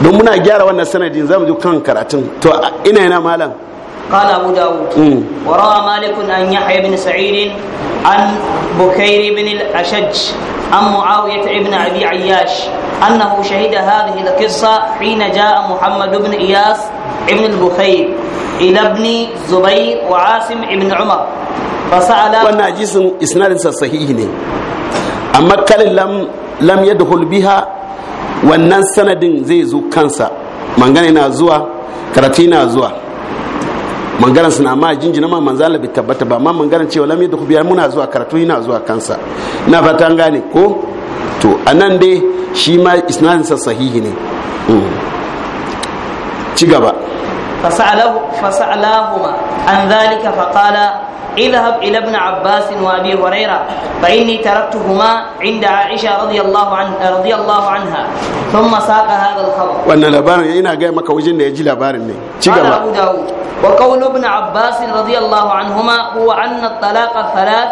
A: don muna gyara wannan sanadin zan zo kan karatun to ina yana malam
B: قال أبو داود وروى مالك عن يحيى بن سعيد عن بكير بن الأشج عن معاوية بن أبي عياش أنه شهد هذه القصة حين جاء محمد بن إياس بن البخير إلى ابن زبير وعاصم بن عمر
A: fasa'ala wannan hadisin isnadin sa sahihi ne amma kalin lam lam yadkhul biha wannan sanadin zai zo kansa mangana na zuwa karatu na zuwa mangaran suna ma jinjina ma manzan bai tabbata ba ma mangaran cewa lam yadkhul biha muna zuwa karatu na zuwa kansa na fatan gane ko to anan dai shi ma isnadin sa sahihi ne ci gaba
B: fasa'alahuma an dhalika faqala اذهب إلى ابن عباس وأبي هريرة فإني تركتهما عند عائشة رضي الله عن رضي الله عنها ثم ساق هذا الخبر وأن
A: لبارن ينا جاي مكة وجن يجي لبارن قال أبو
B: داود وقول ابن عباس رضي الله عنهما هو أن الطلاق ثلاث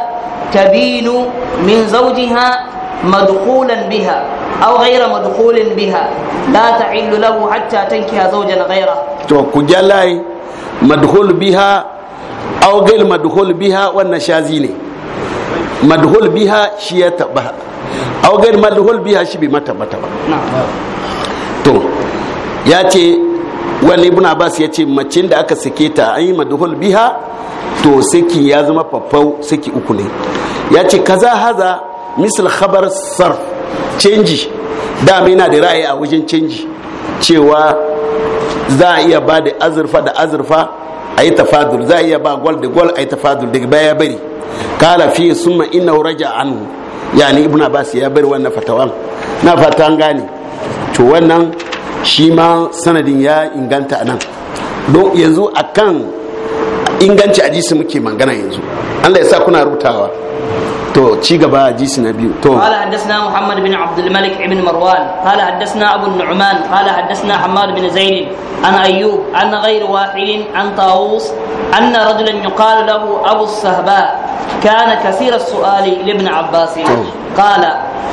B: تبين من زوجها مدخولا بها أو غير مدخول بها لا تعل له حتى تنكح زوجا غيره.
A: تو كجلاي مدخول بها aw gail madhul biha wannan shazi ne madhul biha shi ya taba aw gail madhul biha shi bi mata bata ba to ya ce wani ibn abbas ya ce macin da aka sake ta an yi madhul biha to saki ya zama faffau saki uku ne ya ce kaza haza misal khabar sarf canji dama yana da ra'ayi a wajen canji cewa za a iya ba da azurfa da azurfa Ayi tafadul za a iya ba gwal da gwal ayi tafadul daga baya bari kala fi summa inna raja anhu yani ibn abbas ya bari wannan fatawan na fata an gane to wannan shi ma sanadin ya inganta nan don yanzu akan inganci ajisi muke magana yanzu Allah ya sa kuna rutawa تو تشيغا با جيس نبي تو قال
B: حدثنا محمد بن عبد الملك بن مروان قال حدثنا ابو النعمان قال حدثنا حماد بن زيد عن ايوب عن غير واحد عن طاووس ان رجلا يقال له ابو الصهباء كان كثير السؤال لابن عباس طيب. قال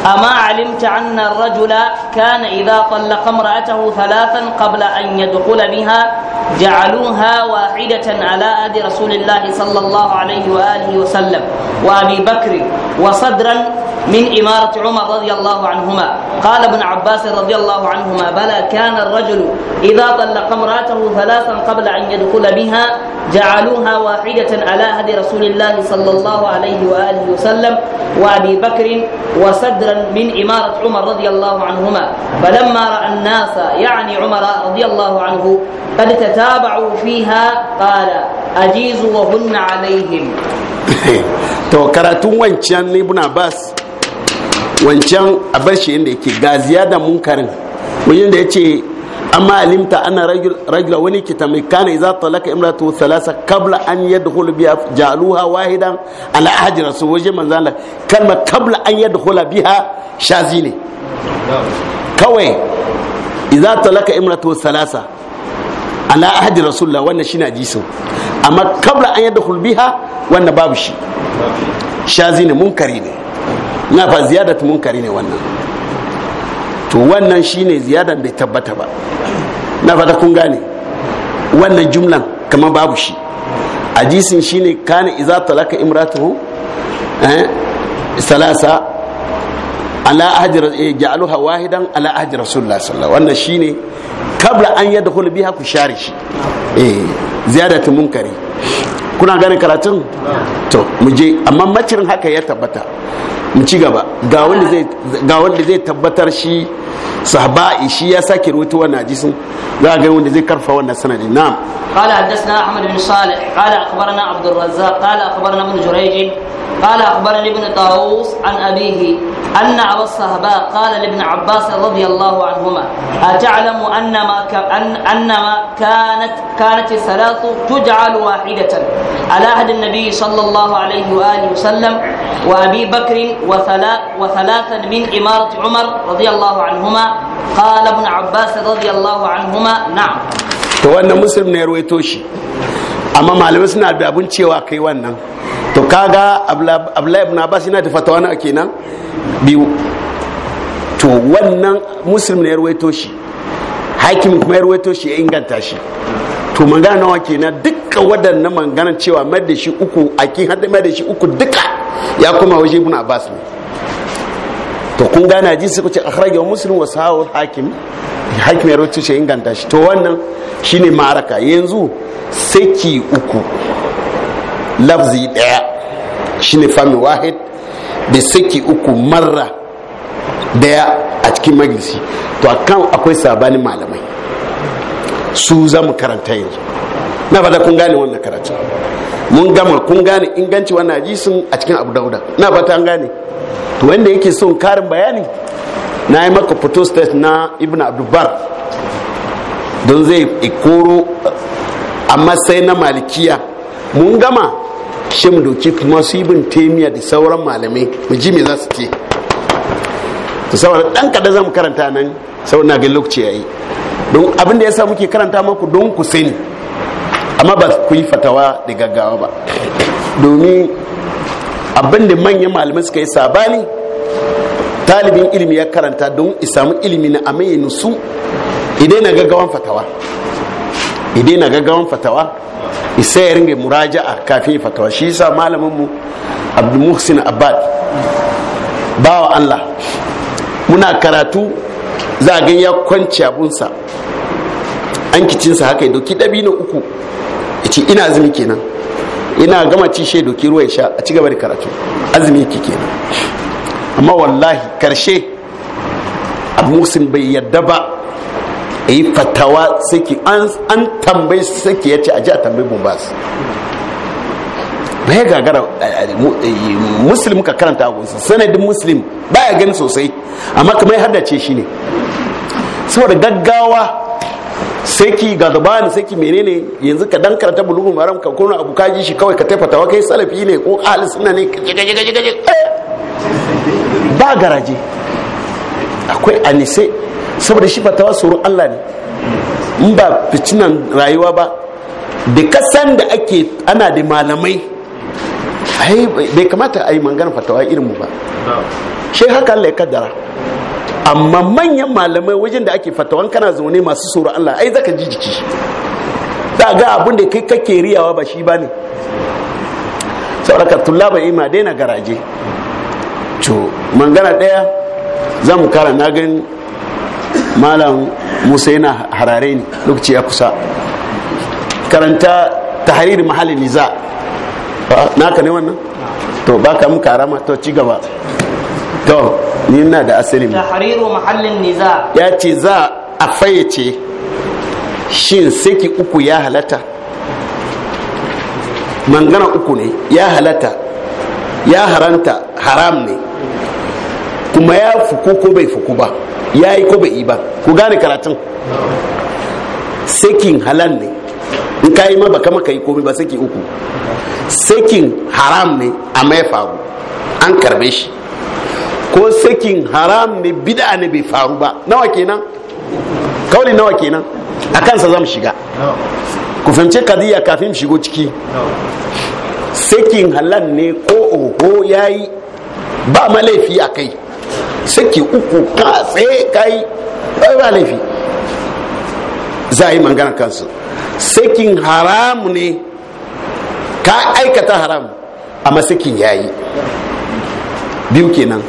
B: أما علمت أن الرجل كان إذا طلق امرأته ثلاثا قبل أن يدخل بها جعلوها واحدة على أد رسول الله صلى الله عليه وآله وسلم وأبي بكر وصدرا من إمارة عمر رضي الله عنهما قال ابن عباس رضي الله عنهما بلى كان الرجل إذا طلق امرأته ثلاثا قبل أن يدخل بها جعلوها واحدة على هدي رسول الله صلى الله عليه وآله وسلم وأبي بكر وصدرا من إمارة عمر رضي الله عنهما فلما رأى الناس يعني عمر رضي الله عنه قد تتابعوا فيها قال أجيز وهن عليهم
A: تو كراتون وانشان ابن عباس wancan a bar shi inda yake ga ziyada munkarin wajen da ya ce amma alimta ana rajula wani kita mai kana iza talaka imratu thalatha kabla an yadkhul biha jaluha wahidan ala ahdi rasul wajen manzala kalma kabla an yadkhul biha shazi ne kawai iza talaka imratu thalatha ala ahdi rasulullah wannan shine hadisin amma kabla an yadkhul biha wannan babu shi shazi ne munkari ne na fa ziyadat munkari ne wannan to wannan shine ziyadan bai tabbata ba na fata kun gane wannan jumlan kamar babu shi ajisin shine kana iza talaka imratuhu eh salasa ala ahdi eh, ja'aluha wahidan ala ahdi rasulullah sallallahu wannan shine kabla an yadkhul biha ku share shi eh ziyadatu munkari kuna gane karatun to mu je amma macirin haka ya tabbata mu ci gaba ga wanda zai tabbatar shi sahaba'i shi ya sake rubuta wannan hadisin za a ga wanda zai karfa wannan sanadi na'am
B: qala haddathna ahmad bin salih qala akhbarana abd arrazzaq qala akhbarana ibn jurayj qala akhbarana ibn tawus an abihi anna abu sahaba qala li ibn abbas radiyallahu anhuma ata'lamu anna ma anna ma kanat kanat salatu tuj'al wahidatan ala ahd an-nabi sallallahu alayhi wa alihi wa sallam wa abi bakr وثلاثا من إمارة عمر رضي الله عنهما قال ابن عباس رضي الله عنهما نعم
A: to wannan muslim ne ruwaito shi amma malamai suna da abin cewa kai wannan to kaga abdullahi ibn abbas yana da fatawa na kenan biyu to wannan muslim ne ruwaito shi hakim kuma ya ruwaito shi ya inganta shi to magana nawa kenan duka waɗannan magana cewa mai da shi uku a kin hada mai da shi uku duka ya kuma waje ibn abbas ne to kun gana ji suka ce akhraj wa muslim wa sahawul hakim hakim ya rawaito shi inganta shi to wannan shine maraka yanzu saki uku lafzi daya shine fami wahid da saki uku marra daya a cikin majlisi to akan akwai sabanin malamai su zama karanta yanzu na fata kun gane wannan karatu mun gama kun gane inganci wannan hadisin a cikin abu dauda na fata an gane to wanda yake son karin bayani na yi maka photo state na ibn abdulbar don zai ikoro amma sai na malikiya mun gama shim doki kuma su ibn taimiya da sauran malamai mu ji me za su ce saboda dan kada zan karanta nan saboda na ga lokaci yayi don abin da yasa muke karanta maku don ku sani amma ba ku yi fatawa da gaggawa ba domin abin da manyan malamai suka yi sabani talibin ilimi ya karanta don isamu ilimi na amaye nusu idai na gaggawan fatawa idai na gaggawan fatawa isa ya ringa muraja'a kafin fatawa shi yasa malamin mu abdul muhsin abbad bawa allah muna karatu za a ga ya kwanci abunsa an kicinsa haka ya doki ɗabi na uku ya ce ina azumi kenan ina gama ci shi doki ruwa ya sha a ci gaba da karatu azumi yake kenan amma wallahi karshe abu musin bai yadda ba a yi fatawa saki an tambayi saki ya ce a ji a tambayi bombas na ya gagara eh, eh, muslim ka karanta a gunsa sanadin muslim ya gani sosai amma kamar ya haddace shi ne saboda gaggawa sai ki gadabani sai ki menene yanzu ka dan karanta bulugun maram ka kuna abu ka ji shi kawai ka taifa tawa kai salafi ne ko ahli sunna ne eh, ba garaje akwai anise saboda shi fatawa tsoron Allah ne in ba fitinan rayuwa ba da kasan da ake ana da malamai bai kamata a yi magana fatawa irin mu ba shi haka Allah ya kaddara amma manyan malamai wajen da ake fatawan kana zaune masu tsoron Allah ai zaka ji jiki da ga abin da kai kake riyawa ba shi ba ne sauraka tullaba ima daina garaje to mangana daya za mu kara na ganin malam musa yana harare ne lokaci ya kusa karanta tahrir mahalli niza' naka ne wannan to baka mu karama to ci gaba to ni na da asali
B: tahriru mahallin niza
A: ya ce za a fayyace shin saki uku ya halata mangana uku ne ya halata ya haranta haram ne kuma ya fuku ko bai fuku ba ya yi ko bai yi ba ku gane karatun sakin halal ne in ka yi maba kama ka yi komi ba saki uku sakin haram ne a mai faru an karbe shi ko sakin haram ne bid'a ne bai faru ba nawa kenan kawai nawa kenan a kansa zamu shiga ku fahimci kadiya kafin shigo ciki sakin halal ne ko oho ya yi ba ma laifi a kai saki uku ka tsaye kai ba laifi za a yi mangana kansu sakin haramu ne ka aikata haram amma sakin yi biyu kenan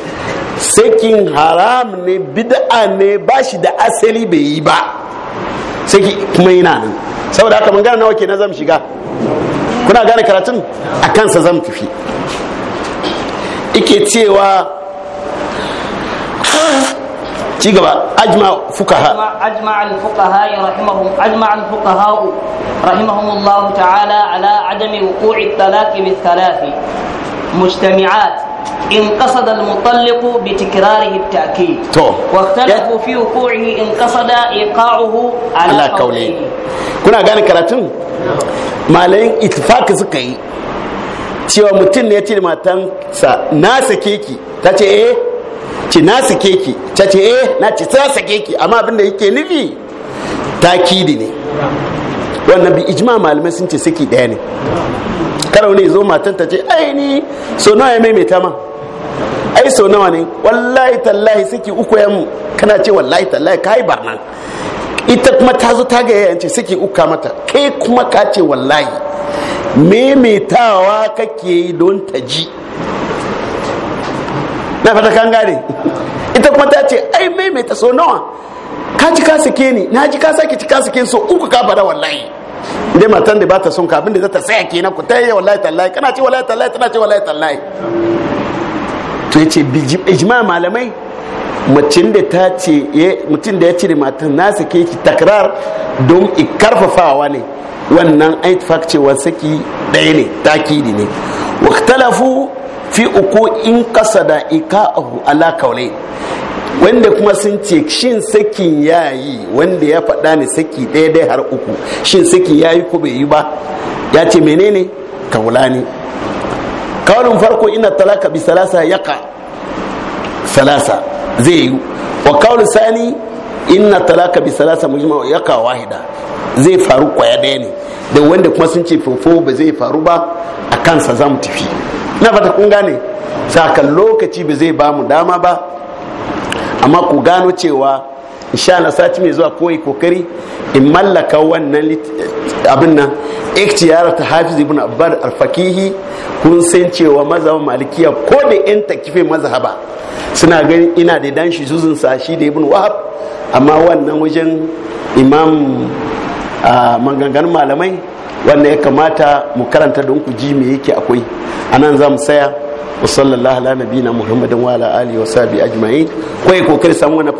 A: sakin haram ne bid'a ne ba shi da asali bai yi ba saki kuma yana nan saboda haka gane nawa kenan zan shiga kuna gane karatun a kansa zan tafi ike cewa ci gaba ajma fukaha
B: ajma al fukaha rahimahum ajma al fukaha rahimahum ta'ala ala adami wuqu'i talaqi bi thalathi mujtami'at in qasada al mutalliqu bi tikrarihi al ta'kid to wa talaqu fi wuqu'i in qasada iqa'uhu ala qawli
A: kuna gane karatun malayin ittifaq suka yi cewa mutun ne ya ce matan sa na sake ki tace eh ce na sake ki ta ce eh na ce ta sake ki amma abin da yake nufi takidi ne wannan bi ijma malamai sun ce saki daya ne karau ne zo matan ta ce ai ni so nawa ya maimaita ma ai so nawa ne wallahi tallahi saki uku yamu kana ce wallahi tallahi kai barnan ita kuma ta zo ta ga yayin ce saki uka mata kai kuma ka ce wallahi maimaitawa kake yi don ta ji na fata kan gane ita kuma ta ce ai maimaita so nawa ka ci ka sake ni na ji ka sake ci ka sake so uku ka fada wallahi dai matan da ba ta son ka abin da za ta saya kenan ku ta yi wallahi tallahi kana ce wallahi tallahi tana ce wallahi tallahi to ya ce ijma malamai macin da ta ce mutum da ya da matan na sake ki takrar don karfafawa ne wannan aitfak cewa saki ɗaya ne takidi ne waktalafu fi uku in kasa kasada ika'ahu ala kaule wanda kuma sun ce shin sakin yayi wanda ya faɗa ne saki daidai har uku shin sakin yayi ko bai yi ba ya ce menene kaula ne kawalin farko ina talaka bi salasa yaka salasa zai yi wa kawalin sani ina talaka bi salasa mujma yaka wahida zai faru kwaya daya ne da wanda kuma sun ce fofo ba zai faru ba a kansa za mu tafi na fata kun gane sakan lokaci ba zai ba mu dama ba amma ku gano cewa insha Allah sati mai zuwa koyi kokari in mallaka wannan abin nan ikhtiyar ta hafiz ibn abbar al-fakihi kun san cewa mazhab malikiya ko da yan takife mazhaba suna ganin ina da dan shi zuzun sa shi da ibn wahab amma wannan wajen imam a ah, maganganun malamai wanda ya kamata mu karanta don ku ji me yake akwai nan za mu saya wa sallallahu ala na muhammadin wa ala alihi wa sahbihi ajma'in ko kokari samu wannan